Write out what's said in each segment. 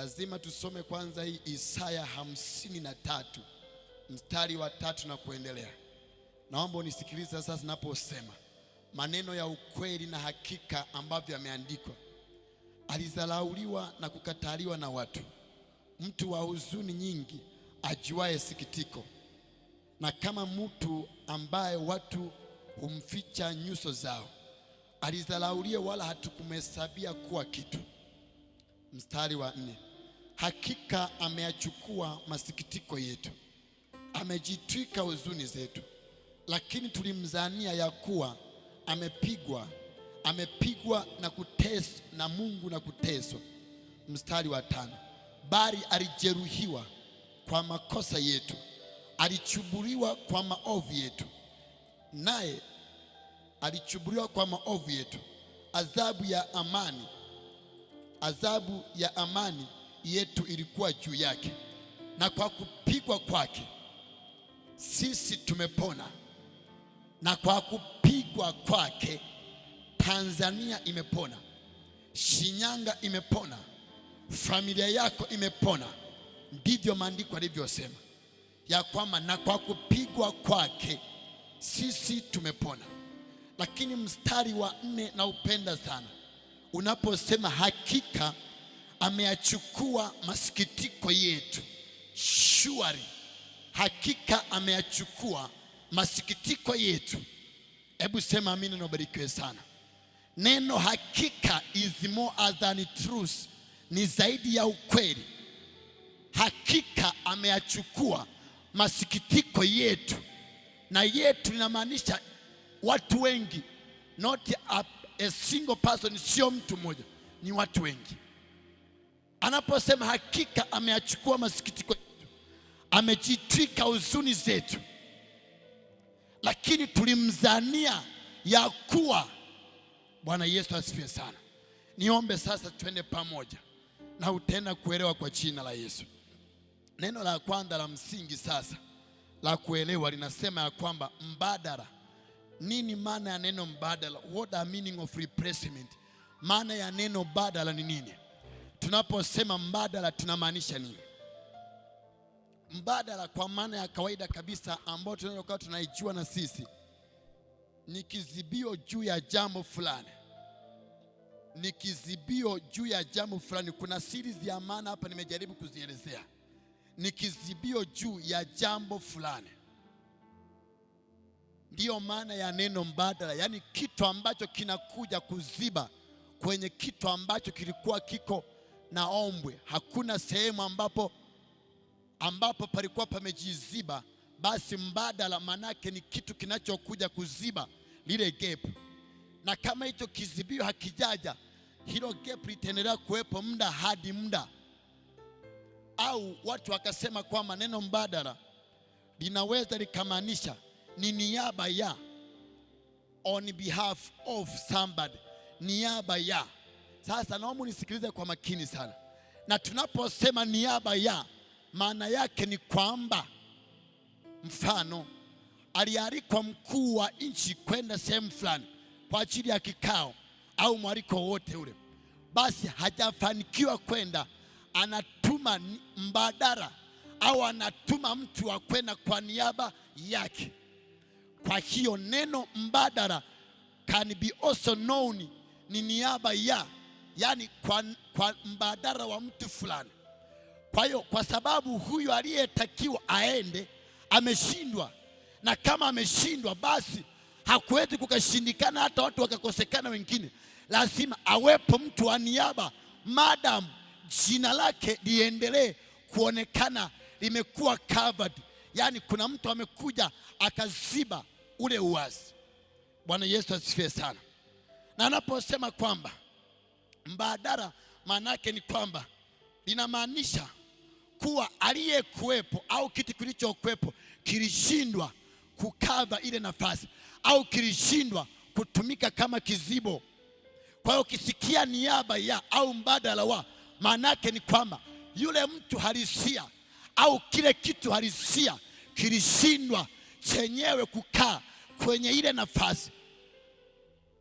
lazima tusome kwanza hii Isaya hamsini na tatu mstari wa tatu na kuendelea. Naomba unisikilize sasa ninaposema maneno ya ukweli na hakika ambavyo yameandikwa. Alidharauliwa na kukataliwa na watu, mtu wa huzuni nyingi, ajuaye sikitiko, na kama mtu ambaye watu humficha nyuso zao. Alidharauliwa, wala hatukumhesabia kuwa kitu. Mstari wa nne. Hakika ameyachukua masikitiko yetu, amejitwika huzuni zetu, lakini tulimdhania ya kuwa amepigwa, amepigwa na kuteswa na Mungu na kuteswa. Mstari wa tano, bali alijeruhiwa kwa makosa yetu, alichubuliwa kwa maovu yetu, naye alichubuliwa kwa maovu yetu, adhabu ya amani, adhabu ya amani yetu ilikuwa juu yake, na kwa kupigwa kwake sisi tumepona, na kwa kupigwa kwake Tanzania imepona, Shinyanga imepona, familia yako imepona. Ndivyo maandiko alivyosema ya kwamba na kwa kupigwa kwake sisi tumepona. Lakini mstari wa nne na upenda sana unaposema hakika ameyachukua masikitiko yetu. Shuari, hakika ameyachukua masikitiko yetu. Hebu sema amina na ubarikiwe sana. Neno hakika is more than truth, ni zaidi ya ukweli. Hakika ameyachukua masikitiko yetu, na yetu linamaanisha watu wengi, not a, a single person, sio mtu mmoja, ni watu wengi anaposema hakika ameachukua masikitiko yetu, amejitwika huzuni zetu, lakini tulimzania ya kuwa. Bwana Yesu asifiwe sana. Niombe sasa, twende pamoja na utaenda kuelewa kwa jina la Yesu. Neno la kwanza la msingi sasa la kuelewa linasema ya kwamba mbadala. Nini maana ya neno mbadala? What the meaning of replacement? Maana ya neno badala ni nini? Tunaposema mbadala tunamaanisha nini? Mbadala kwa maana ya kawaida kabisa ambayo tunayokuwa tunaijua na sisi ni kizibio juu ya jambo fulani, ni kizibio juu ya jambo fulani. Kuna series ya maana hapa, nimejaribu kuzielezea. Ni kizibio juu ya jambo fulani, ndiyo maana ya neno mbadala, yaani kitu ambacho kinakuja kuziba kwenye kitu ambacho kilikuwa kiko na ombwe. Hakuna sehemu ambapo, ambapo palikuwa pamejiziba, basi mbadala manake ni kitu kinachokuja kuziba lile gap, na kama hicho kizibio hakijaja, hilo gap litaendelea kuwepo muda hadi muda, au watu wakasema kwamba neno mbadala linaweza likamaanisha ni niaba ya, on behalf of somebody, niaba ya sasa naomba nisikilize kwa makini sana, na tunaposema niaba ya, maana yake ni kwamba, mfano alialikwa mkuu wa nchi kwenda sehemu fulani kwa ajili ya kikao au mwaliko wowote ule, basi hajafanikiwa kwenda, anatuma mbadala au anatuma mtu wa kwenda kwa niaba yake. Kwa hiyo neno mbadala can be also known ni niaba ya yani kwa, kwa mbadala wa mtu fulani. Kwa hiyo kwa sababu huyu aliyetakiwa aende ameshindwa, na kama ameshindwa, basi hakuwezi kukashindikana hata watu wakakosekana wengine, lazima awepo mtu wa niaba, madam jina lake liendelee kuonekana limekuwa covered, yaani kuna mtu amekuja akaziba ule uwazi. Bwana Yesu asifiwe sana. Na anaposema kwamba Mbadala maana yake ni kwamba linamaanisha kuwa aliyekuwepo au kitu kilichokuwepo kilishindwa kukava ile nafasi au kilishindwa kutumika kama kizibo. Kwa hiyo ukisikia niaba ya au mbadala wa, maana yake ni kwamba yule mtu halisia au kile kitu halisia kilishindwa chenyewe kukaa kwenye ile nafasi,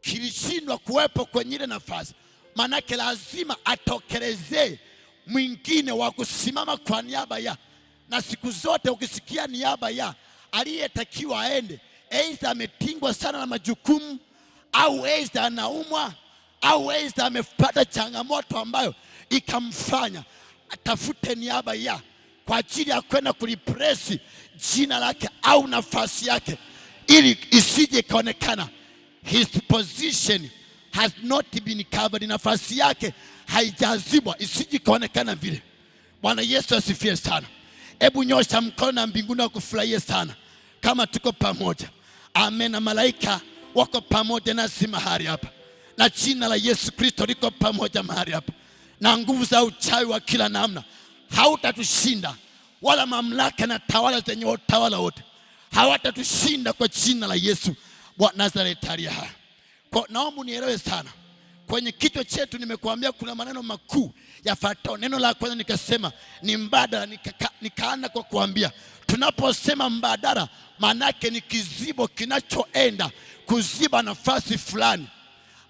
kilishindwa kuwepo kwenye ile nafasi manake lazima atokelezee mwingine wa kusimama kwa niaba ya. Na siku zote ukisikia niaba ya aliyetakiwa aende, aidha ametingwa sana na majukumu, au aidha anaumwa, au aidha amepata changamoto ambayo ikamfanya atafute niaba ya kwa ajili ya kwenda kulipresi jina lake au nafasi yake, ili isije ikaonekana his position has not been covered, nafasi yake haijazibwa isijikaonekana vile. Bwana Yesu asifiwe sana. Hebu nyosha mkono na mbinguni wakufurahie sana, kama tuko pamoja. Amen, na malaika wako pamoja nasi mahali hapa, na jina la Yesu Kristo liko pamoja mahali hapa, na nguvu za uchawi wa kila namna hautatushinda, wala mamlaka na tawala zenye utawala wote hawatatushinda kwa jina la Yesu wa Nazareti aliye hai. Kwa, naomba nielewe sana kwenye kichwa chetu nimekuambia kuna maneno makuu yafuatayo. Neno la kwanza nikasema ni mbadala, nika, nikaanza kwa kuambia tunaposema mbadala, maana yake ni kizibo kinachoenda kuziba nafasi fulani,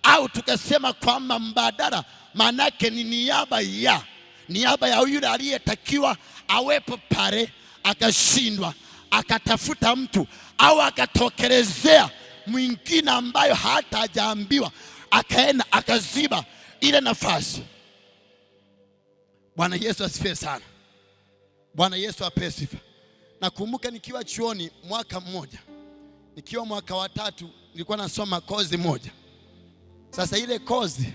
au tukasema kwamba mbadala maana yake ni niaba ya niaba ya yule aliyetakiwa awepo pale, akashindwa, akatafuta mtu au akatokelezea mwingine ambayo hata hajaambiwa, akaenda akaziba ile nafasi. Bwana Yesu asifiwe sana. Bwana Yesu apewe sifa. Nakumbuka nikiwa chuoni mwaka mmoja, nikiwa mwaka wa tatu, nilikuwa nasoma kozi moja. Sasa ile kozi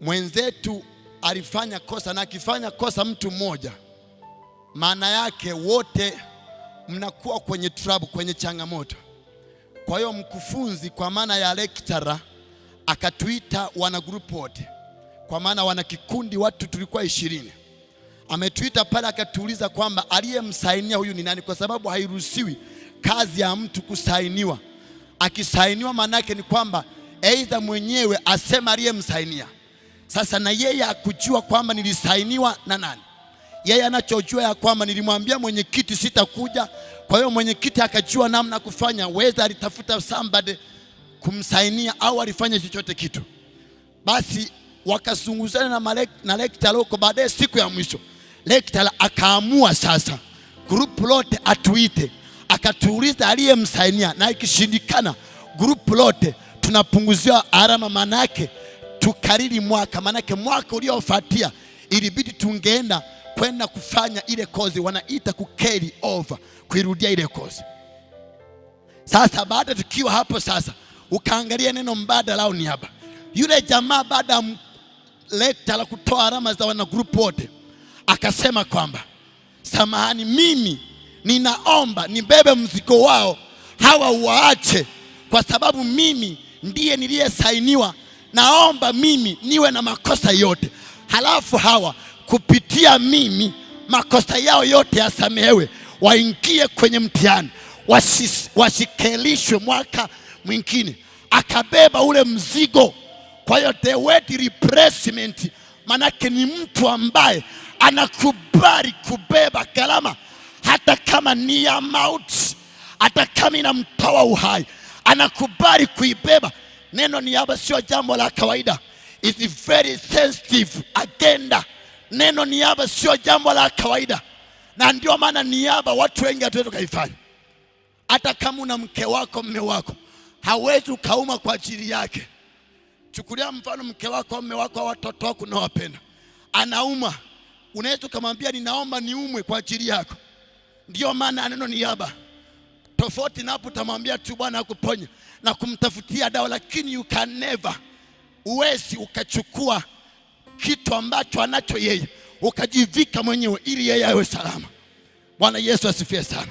mwenzetu alifanya kosa, na akifanya kosa mtu mmoja, maana yake wote mnakuwa kwenye trouble, kwenye changamoto. Kwa hiyo mkufunzi kwa maana ya lecturer akatuita wanagrupu wote, kwa maana wana kikundi, watu tulikuwa ishirini. Ametuita pale akatuuliza kwamba aliyemsainia huyu ni nani, kwa sababu hairuhusiwi kazi ya mtu kusainiwa. Akisainiwa maanake ni kwamba aidha mwenyewe asema aliyemsainia. Sasa na yeye akujua kwamba nilisainiwa na nani yeye anachojua ya kwamba nilimwambia mwenyekiti sitakuja, kwa hiyo mwenyekiti akajua namna kufanya, weza alitafuta somebody kumsainia au alifanya chochote kitu. Basi wakazunguzana na, na lekta loko. Baadaye siku ya mwisho lekta akaamua sasa grupu lote atuite, akatuuliza aliyemsainia, na ikishindikana grupu lote tunapunguziwa alama, manake tukariri mwaka, manake mwaka uliofuatia ilibidi tungeenda kwenda kufanya ile kozi, wanaita ku carry over, kuirudia ile kozi. Sasa baada tukiwa hapo sasa, ukaangalia neno mbadala au niaba. Yule jamaa baada ya leta la kutoa alama za wanagrupu wote, akasema kwamba samahani, mimi ninaomba nibebe mzigo wao hawa waache, kwa sababu mimi ndiye niliyesainiwa, naomba mimi niwe na makosa yote, halafu hawa kupita kupitia mimi makosa yao yote yasamehewe, waingie kwenye mtihani, wasikelishwe mwaka mwingine, akabeba ule mzigo. Kwa hiyo the word replacement manake ni mtu ambaye anakubali kubeba gharama, hata kama ni ya mauti, hata kama inamtoa uhai, anakubali kuibeba. Neno niaba sio jambo la kawaida, is very sensitive agenda. Neno niaba sio jambo la kawaida, na ndio maana niaba watu wengi hatuwezi tukaifanya. Hata kama una mke wako mme wako, hawezi ukauma kwa ajili yake. Chukulia mfano mke wako mme wako, watoto wako unawapenda, anauma, unaweza ukamwambia ninaomba niumwe kwa ajili yako. ndio maana neno niaba tofauti na hapo, utamwambia tu Bwana akuponye na kumtafutia dawa, lakini you can never, uwezi ukachukua kitu ambacho anacho yeye ukajivika mwenyewe ili yeye awe salama. Bwana Yesu asifiwe sana.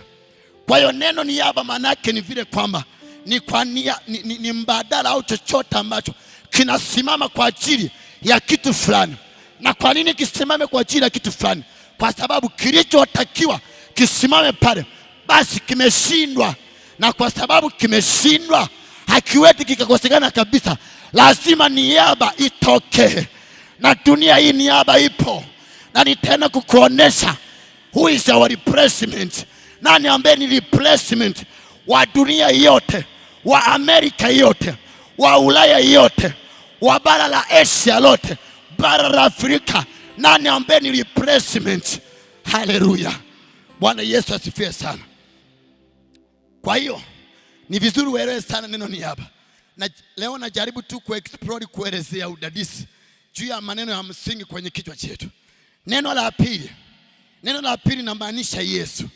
Kwa hiyo neno niaba maana yake ni vile kwamba ni, kwa nia, ni, ni, ni mbadala au chochote ambacho kinasimama kwa ajili ya kitu fulani. Na kwa nini kisimame kwa ajili ya kitu fulani? Kwa sababu kilichotakiwa kisimame pale basi kimeshindwa, na kwa sababu kimeshindwa hakiwezi kikakosekana kabisa, lazima niaba itokee na dunia hii niaba ipo, na nitaenda kukuonesha who is our replacement, nani ambaye ni replacement wa dunia yote, wa Amerika yote, wa Ulaya yote, wa bara la Asia lote, bara la Afrika, nani ambaye ni replacement. Haleluya, Bwana Yesu asifiwe sana. Kwa hiyo ni vizuri uelewe sana neno ni na leo najaribu tu kuexplore kuelezea udadisi juu ya maneno ya msingi kwenye kichwa chetu. Neno la pili, neno la pili linamaanisha Yesu.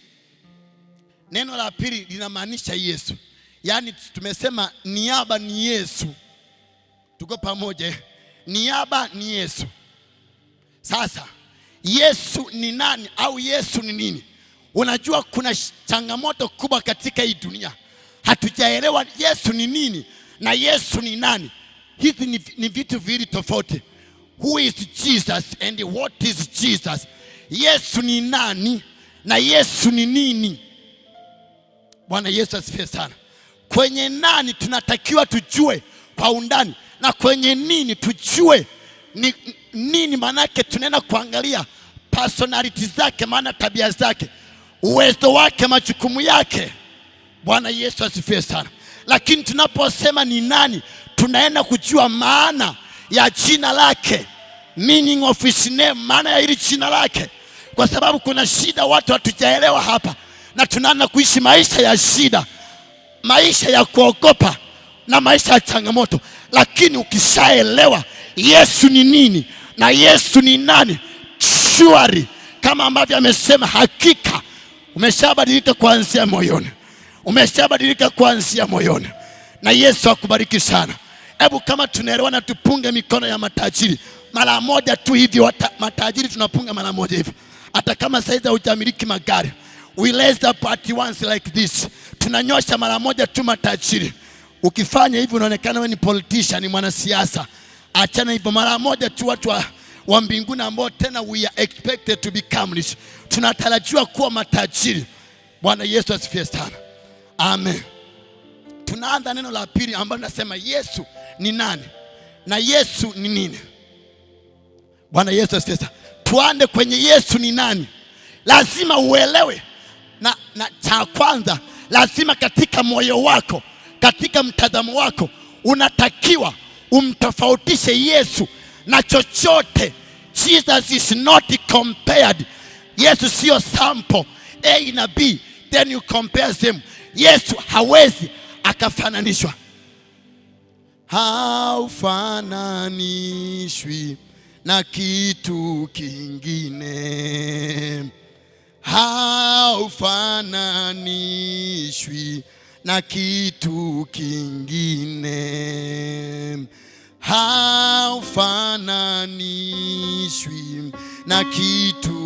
Neno la pili linamaanisha Yesu, yaani tumesema niaba ni Yesu. Tuko pamoja? Niaba ni Yesu. Sasa Yesu ni nani au Yesu ni nini? Unajua kuna changamoto kubwa katika hii dunia, hatujaelewa Yesu ni nini na Yesu ni nani. Hivi ni, ni vitu viwili tofauti who is Jesus and what is Jesus. Yesu ni nani na Yesu ni nini? Bwana Yesu asifiwe sana. Kwenye nani tunatakiwa tujue kwa undani, na kwenye nini tujue ni nini, maanake tunaenda kuangalia personality zake, maana tabia zake, uwezo wake, majukumu yake. Bwana Yesu asifiwe sana. Lakini tunaposema ni nani, tunaenda kujua maana ya jina lake, meaning of his name, maana ya hili jina lake, kwa sababu kuna shida watu hatujaelewa hapa, na tunaanza kuishi maisha ya shida, maisha ya kuogopa na maisha ya changamoto. Lakini ukishaelewa Yesu ni nini na Yesu ni nani, shwari kama ambavyo amesema, hakika umeshabadilika kuanzia moyoni, umeshabadilika kuanzia moyoni. Na Yesu akubariki sana. Hebu kama tunaelewana, tupunge mikono ya matajiri mara moja tu hivi. Matajiri tunapunga mara moja hivi, hata kama saizi hujamiliki magari, we raise up at once like this. Tunanyosha mara moja tu matajiri. Ukifanya hivi unaonekana wewe ni politician, ni mwanasiasa. Achana hivyo, mara moja tu watu wa, wa mbinguni ambao tena we are expected to become rich, tunatarajiwa kuwa matajiri. Bwana Yesu asifiwe sana, amen. Tunaanza neno la pili ambalo nasema Yesu ni nani na Yesu ni nini? Bwana Yesu asifiwe. Tuande kwenye Yesu ni nani, lazima uelewe na, na cha kwanza lazima katika moyo wako, katika mtazamo wako unatakiwa umtofautishe Yesu na chochote. Jesus is not compared. Yesu sio sample A na B then you compare them. Yesu hawezi akafananishwa haufananishwi na kitu kingine, haufananishwi na kitu kingine, haufananishwi na kitu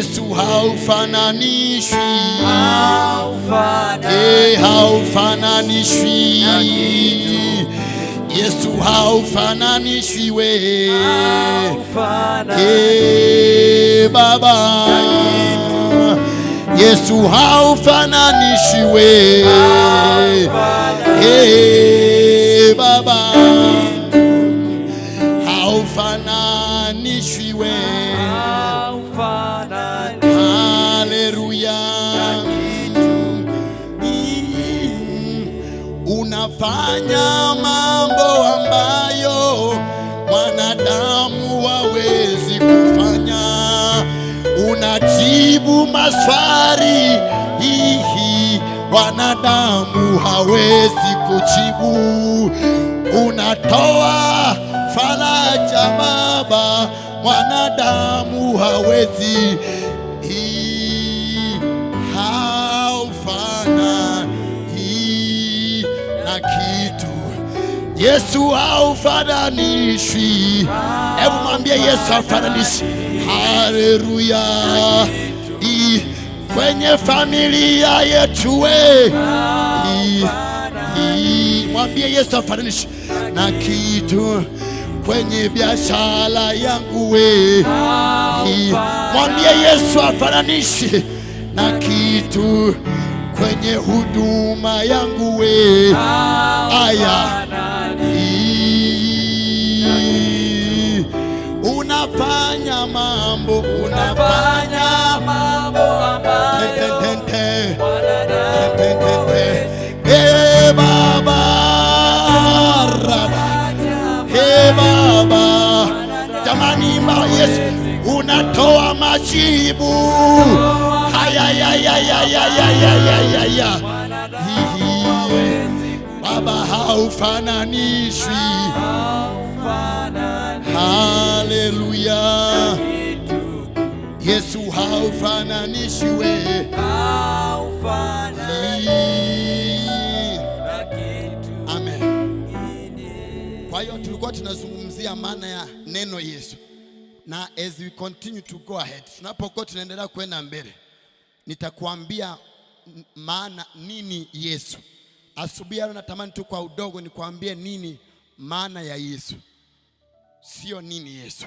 Yesu haufananishwi, haufananishwi eh, Yesu haufananishwi we eh, Baba, Yesu haufananishwi we eh, e mwanadamu hawezi kujibu. Unatoa faraja Baba, mwanadamu hawezi haufana na kitu. Yesu haufananishwi. Hebu mwambie Yesu haufananishwi. Haleluya kwenye familia yetu, we mwambie Yesu afananishi na kitu kwenye biashara yangu, we mwambie Yesu afananishi na kitu kwenye huduma yangu, we aya unafanya mambo unafanya mambo kujibu Baba haufananishwi, haleluya. Yesu haufananishwe Amen. Kwa hiyo tulikuwa tunazungumzia maana ya neno Yesu na as we continue to go ahead, tunapokuwa tunaendelea kwenda mbele, nitakuambia maana nini Yesu. Asubuhi leo natamani tu kwa udogo nikuambie nini maana ya Yesu, sio nini Yesu.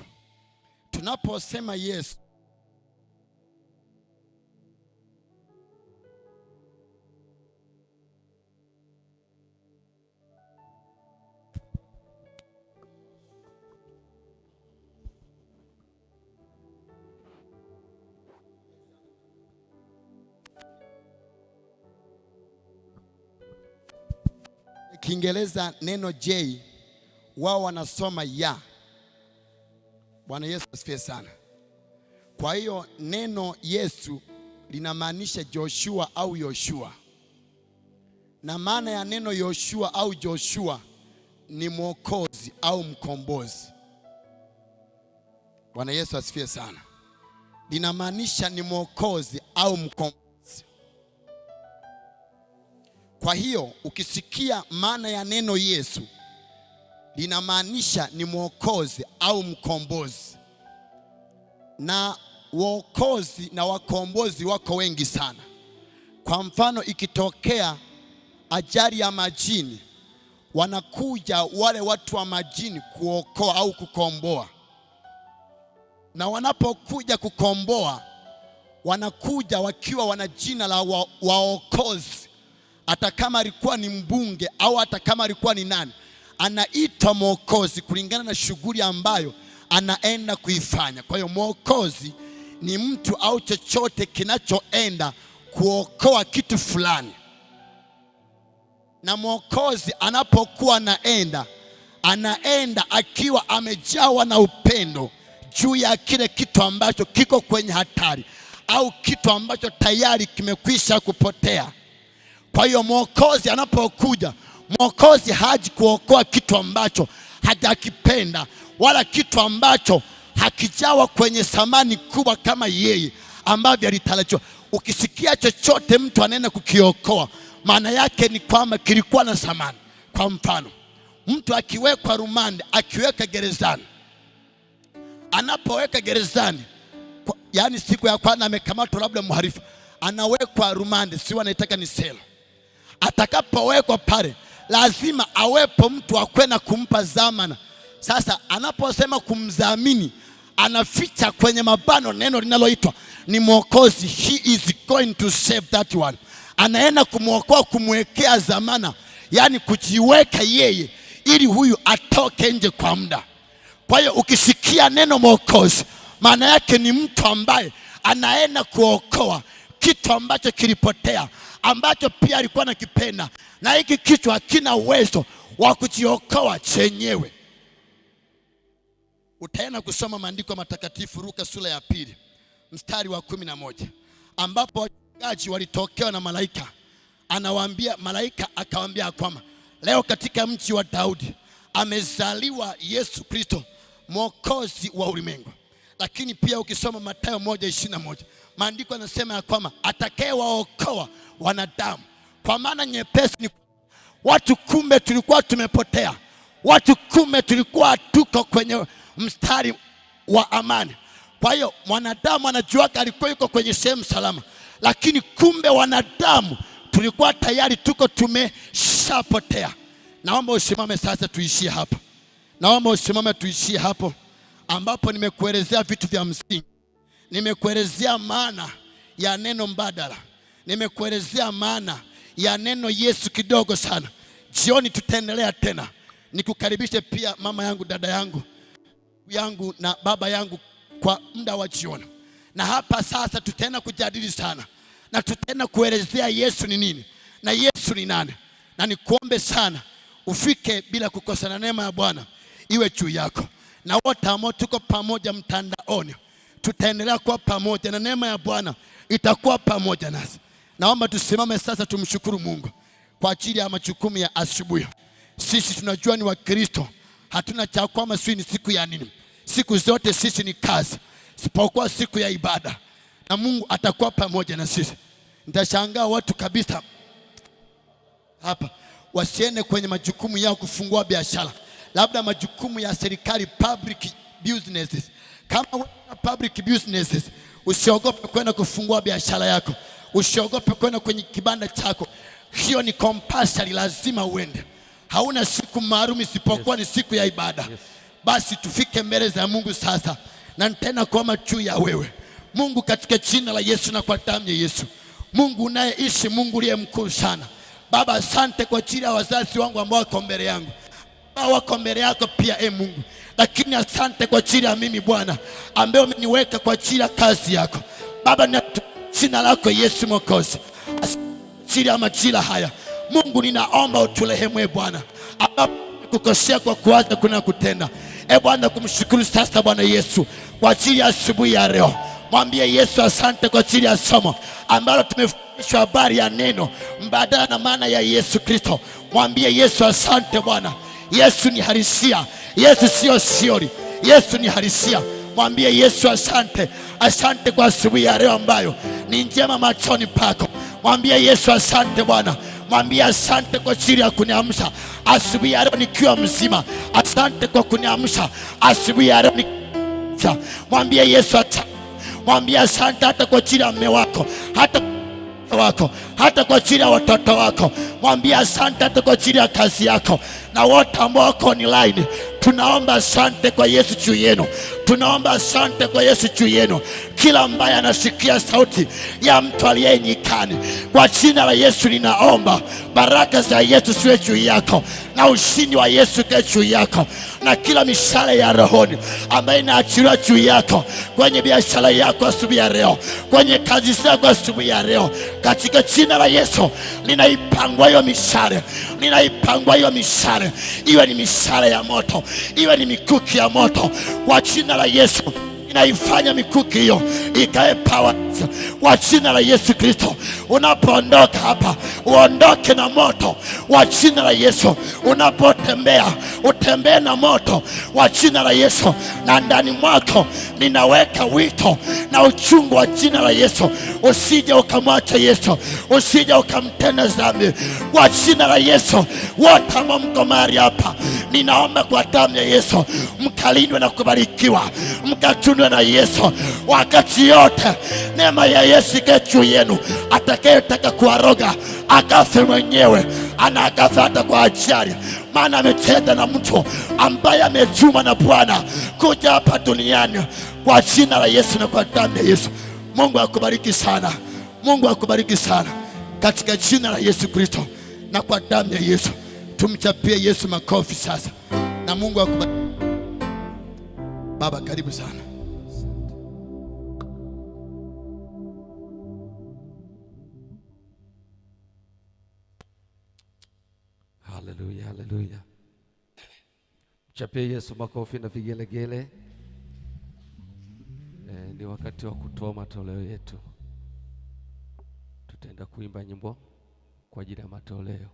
Tunaposema Yesu Kiingereza neno J wao wanasoma ya. Bwana Yesu asifiwe sana. Kwa hiyo neno Yesu linamaanisha Joshua au Yoshua, na maana ya neno Yoshua au Joshua ni mwokozi au mkombozi. Bwana Yesu asifiwe sana. Linamaanisha ni mwokozi au mkombozi. Kwa hiyo ukisikia maana ya neno Yesu linamaanisha ni mwokozi au mkombozi, na wokozi na wakombozi wako wengi sana. Kwa mfano, ikitokea ajali ya majini, wanakuja wale watu wa majini kuokoa au kukomboa, na wanapokuja kukomboa, wanakuja wakiwa wana jina la waokozi hata kama alikuwa ni mbunge au hata kama alikuwa ni nani, anaitwa mwokozi kulingana na shughuli ambayo anaenda kuifanya. Kwa hiyo mwokozi ni mtu au chochote kinachoenda kuokoa kitu fulani, na mwokozi anapokuwa anaenda anaenda akiwa amejawa na upendo juu ya kile kitu ambacho kiko kwenye hatari au kitu ambacho tayari kimekwisha kupotea. Kwa hiyo mwokozi anapokuja, mwokozi haji kuokoa kitu ambacho hajakipenda wala kitu ambacho hakijawa kwenye thamani kubwa kama yeye ambavyo alitarajiwa. Ukisikia chochote mtu anaenda kukiokoa, maana yake ni kwamba kilikuwa na thamani. Kwa mfano, mtu akiwekwa rumande, akiweka gerezani, anapoweka gerezani, yaani siku ya kwanza amekamatwa, labda mharifu anawekwa rumande, si wanaitaka ni selo atakapowekwa pale lazima awepo mtu akwenda kumpa zamana Sasa anaposema kumdhamini, anaficha kwenye mabano neno linaloitwa ni mwokozi, he is going to save that one. Anaenda kumwokoa, kumwekea zamana yaani kujiweka yeye ili huyu atoke nje kwa muda. Kwa hiyo ukisikia neno mwokozi, maana yake ni mtu ambaye anaenda kuokoa kitu ambacho kilipotea ambacho pia alikuwa nakipenda, na hiki kichwa hakina uwezo wa kujiokoa chenyewe. Utaenda kusoma maandiko matakatifu Luka sura ya pili mstari wa kumi na moja ambapo wachungaji walitokewa na malaika, anawaambia malaika akawaambia kwamba leo katika mji wa Daudi amezaliwa Yesu Kristo mwokozi wa ulimwengu. Lakini pia ukisoma Mathayo moja ishirini na moja maandiko yanasema ya kwamba atakayewaokoa wanadamu. Kwa maana nyepesi ni watu, kumbe tulikuwa tumepotea, watu kumbe tulikuwa tuko kwenye mstari wa amani. Kwa hiyo mwanadamu anajuaga alikuwa yuko kwenye sehemu salama, lakini kumbe wanadamu tulikuwa tayari tuko tumeshapotea. Naomba usimame sasa, tuishie hapo Naomba usimame tuishie hapo ambapo nimekuelezea vitu vya msingi nimekuelezea maana ya neno mbadala, nimekuelezea maana ya neno Yesu kidogo sana. Jioni tutaendelea tena. Nikukaribishe pia mama yangu, dada yangu yangu na baba yangu kwa muda wa jioni, na hapa sasa tutaenda kujadili sana na tutaenda kuelezea Yesu ni nini na Yesu ni nani, na nikuombe sana ufike bila kukosa, na neema ya Bwana iwe juu yako na wote ambao tuko pamoja mtandaoni tutaendelea kuwa pamoja na neema ya Bwana itakuwa pamoja nasi. Naomba tusimame sasa, tumshukuru Mungu kwa ajili ya majukumu ya asubuhi. Sisi tunajua ni Wakristo, hatuna cha kwama sisi ni siku ya nini. Siku zote sisi ni kazi, sipokuwa siku ya ibada, na Mungu atakuwa pamoja na sisi. Nitashangaa watu kabisa hapa wasiende kwenye majukumu yao kufungua biashara, labda majukumu ya serikali, public businesses kama public businesses, usiogope kwenda kufungua biashara yako, usiogope kwenda kwenye kibanda chako. Hiyo ni compulsory, lazima uende. Hauna siku maalum isipokuwa yes, ni siku ya ibada yes. Basi tufike mbele za Mungu sasa na tena kuomba juu ya wewe Mungu, katika jina la Yesu na kwa damu ya Yesu. Mungu unayeishi, Mungu uliye mkuu sana Baba, asante kwa ajili ya wazazi wangu ambao wako mbele yangu, ambao wako mbele yako pia, e Mungu lakini asante kwa ajili ya mimi Bwana ambaye umeniweka kwa ajili ya kazi yako Baba, na jina lako Yesu Mwokozi, ajili ya majira haya Mungu, ninaomba e Bwana, ambapo kukosea kwa kuwaza kuna kutenda. E Bwana, kumshukuru sasa Bwana Yesu kwa ajili ya asubuhi ya leo. Mwambie Yesu asante kwa ajili ya somo ambalo tumefundishwa habari ya neno mbadala na maana ya Yesu Kristo. Mwambie Yesu asante Bwana. Yesu ni halisia, Yesu siyo siori, Yesu ni halisia. Mwambie Yesu asante, asante kwa asubuhi ya leo ambayo ni njema machoni pako. Mwambie Yesu asante Bwana, mwambie asante kwa ajili ya kuniamsha asubuhi ya leo nikiwa mzima. Asante kwa kuniamsha asubuhi ya leo nikiwa. Mwambie Yesu asante, mwambie asante hata kwa ajili ya mume wako hata watoto wako, hata kwa ajili ya watoto wako. Mwambie asante, hata kwa ajili ya kazi yako na wote ambao wako online. Tunaomba asante kwa Yesu juu yenu, tunaomba asante kwa Yesu juu yenu kila ambaye anasikia sauti ya mtu aliyenyikani, Kwa jina la Yesu ninaomba baraka za Yesu siwe juu yako na ushindi wa Yesu ukae juu yako na kila mishale ya rohoni ambayo inaachiliwa juu yako kwenye biashara yako asubuhi ya leo, kwenye kazi zako asubuhi ya leo, katika jina la Yesu ninaipangwa hiyo mishale, ninaipangwa hiyo mishale, iwe ni mishale ya moto, iwe ni mikuki ya moto, kwa jina la Yesu inaifanya mikuki hiyo ikae pawa kwa jina la Yesu Kristo. Unapoondoka hapa, uondoke na moto wa jina la Yesu. Unapotembea utembee na moto wa jina la Yesu, na ndani mwako ninaweka wito na uchungu wa jina la Yesu. Usije ukamwacha Yesu, usije ukamtenda dhambi kwa jina la Yesu. Wote ambao mko mahali hapa, ninaomba kwa damu ya Yesu mkalindwe na kubarikiwa mkachunu mpendwa na Yesu wakati yote. Neema ya Yesu kechu juu yenu. Atakayetaka kuaroga akafe mwenyewe, ana akafe hata kwa ajali, maana amecheza na mtu ambaye amejuma na Bwana kuja hapa duniani. Kwa jina la Yesu na kwa damu ya Yesu, Mungu akubariki sana, Mungu akubariki sana, katika jina la Yesu Kristo na kwa damu ya Yesu. Tumchapie Yesu makofi sasa, na Mungu akubariki. Baba, karibu sana. Haleluya, haleluya. Mchapie Yesu makofi na vigelegele. E, ni wakati wa kutoa matoleo yetu. Tutaenda kuimba nyimbo kwa ajili ya matoleo.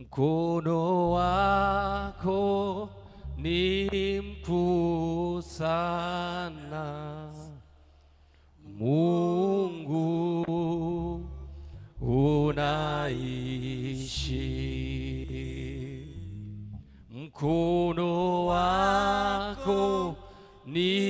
Mkono wako ni mkuu sana Mungu, unaishi นี้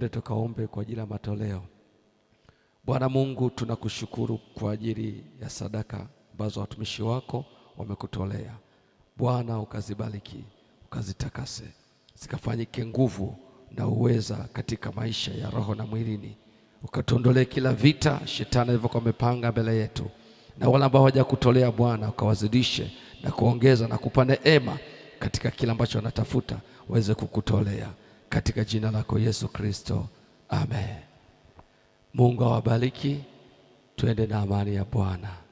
twende tukaombe kwa ajili ya matoleo. Bwana Mungu, tunakushukuru kwa ajili ya sadaka ambazo watumishi wako wamekutolea Bwana, ukazibariki ukazitakase, zikafanyike nguvu na uweza katika maisha ya roho na mwilini, ukatuondolee kila vita shetani alivyokuwa amepanga mbele yetu, na wale ambao hawajakutolea Bwana ukawazidishe na kuongeza na kupa neema katika kila ambacho wanatafuta waweze kukutolea katika jina lako Yesu Kristo, amen. Mungu awabariki, twende na amani ya Bwana.